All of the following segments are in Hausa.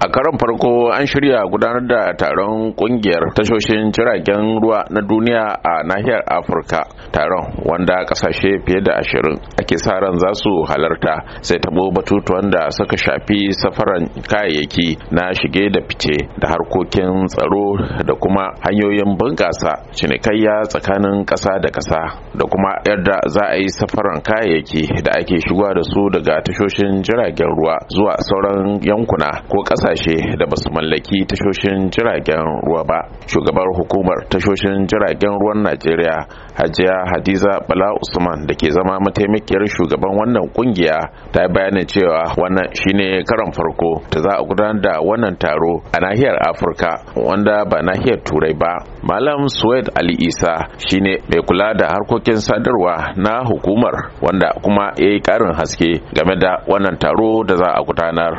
a karon farko an shirya gudanar da taron kungiyar tashoshin jiragen ruwa na duniya a nahiyar afirka taron wanda kasashe fiye da ashirin ake sa ran za su halarta sai tabo batutuwan da suka shafi safaran kayayyaki na shige da fice da harkokin tsaro da kuma hanyoyin bunƙasa cinikayya tsakanin ƙasa da ƙasa da kuma yadda za a yi safaran kayayyaki da ake shigowa da su daga tashoshin jiragen ruwa zuwa sauran yankuna ko ƙasa kasashe da basu mallaki tashoshin jiragen ruwa ba shugabar hukumar tashoshin jiragen ruwan najeriya hajiya hadiza bala usman da ke zama mataimakiyar shugaban wannan kungiya ta bayanin cewa wannan shine karon farko da za a gudanar da wannan taro a nahiyar afirka wanda ba nahiyar turai ba malam suwaid ali isa shine mai kula da harkokin sadarwa na hukumar wanda kuma ya yi karin haske game da wannan taro da za a gudanar.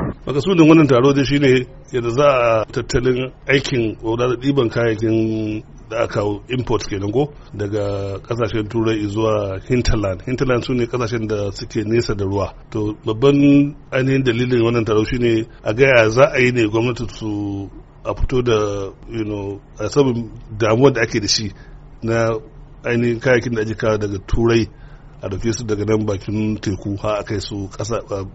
shine yadda za a tattalin aikin wadda ɗiban kayayyakin da aka import kenan ko daga kasashen turai zuwa hinterland hinterland su ne kasashen da suke nesa da ruwa to babban ainihin dalilin wannan taro shine a gaya za a yi ne gwamnati su a fito da you know a damuwar da ake da shi na ainihin kayakin da ake kawo daga turai a dauke su daga nan bakin teku har a kai su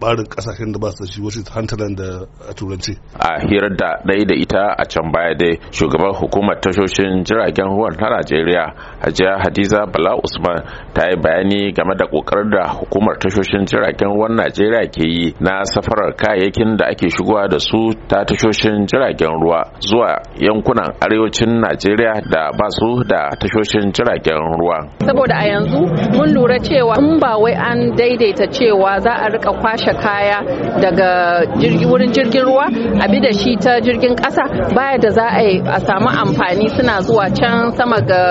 barin kasashen da ba su shi wasu hantalan da a turanci a hirar da ɗaya da ita a can baya dai shugaban hukumar tashoshin jiragen ruwan na najeriya hajiya hadiza bala usman ta yi bayani game da kokarin da hukumar tashoshin jiragen ruwan najeriya ke yi na safarar kayayyakin da ake shigowa da su ta tashoshin jiragen ruwa zuwa yankunan arewacin najeriya da ba su da tashoshin jiragen ruwa saboda a yanzu mun lura cewa cewa in ba wai an daidaita cewa za a rika kwashe kaya daga wurin jirgin ruwa a bi da shi ta jirgin kasa baya da za a yi a samu amfani suna zuwa can sama ga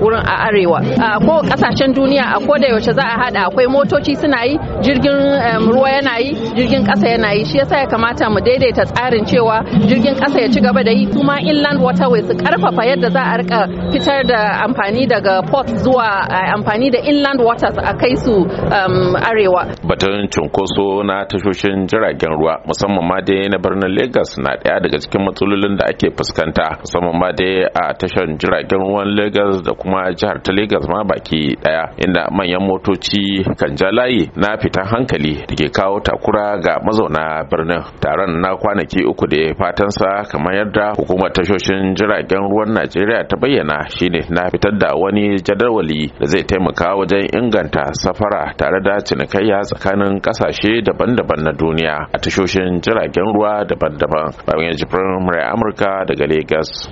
wurin a arewa a ko kasashen duniya a ko da yaushe za a hada akwai motoci suna yi jirgin ruwa yana jirgin kasa yana yi shi yasa ya kamata mu daidaita tsarin cewa jirgin kasa ya ci gaba da yi kuma inland waterways su karfafa yadda za a rika fitar da amfani daga port zuwa amfani da inland waters a kai su um, arewa batun cunkoso na tashoshin jiragen ruwa musamman ma dai na birnin lagos na daya daga cikin matsalolin da ake fuskanta musamman ma dai a tashar jiragen ruwan lagos da kuma jihar ta lagos ma baki daya inda manyan motoci kan ja layi na fitan hankali da ke kawo takura ga mazauna birnin taron na kwanaki uku da ya fatansa kamar yadda hukumar tashoshin jiragen ruwan najeriya ta bayyana shine na fitar da wani jadawali da zai taimaka wajen inganta safara tare da cinikayya tsakanin kasashe daban-daban na duniya a tashoshin jiragen ruwa daban-daban bayan jibrin murai amurka daga lagos